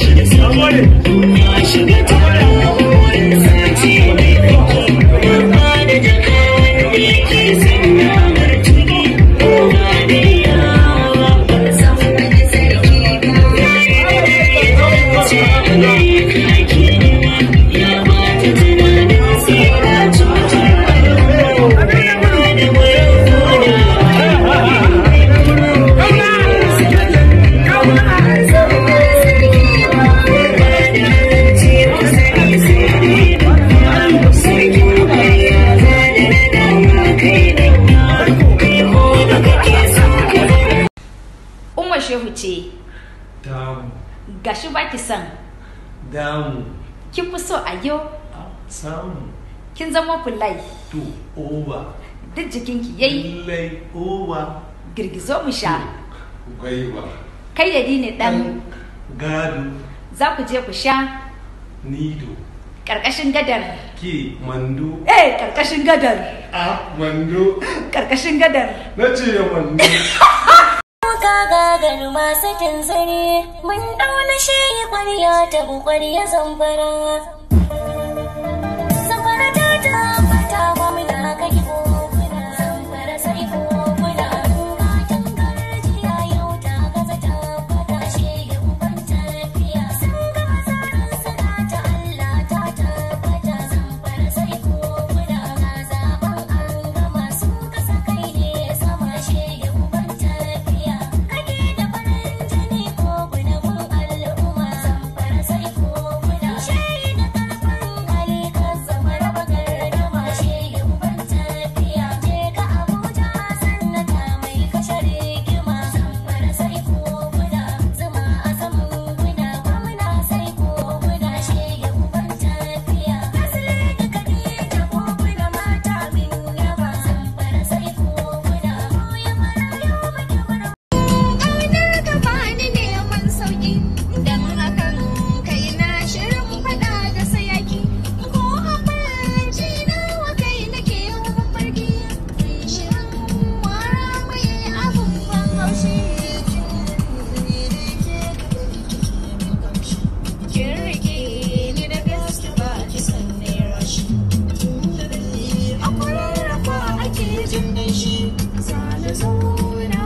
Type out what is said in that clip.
shiga sabon duniya shiga ta shehu ce damu gashi ba ki son damu ki fi so a yau samu kin zama fulai to owa duk jikinki yayi fulai owa girgizo mu sha gwaiba kayyadi ne dan gado za ku je ku sha nido karkashin gadar ki mando eh karkashin gadar a ah, mando karkashin gadar na ce ya mando gagagar masu tanzare mun dauna shi kwarya ta bukwar ya zamfara lokacin gaishe, sa da sauna.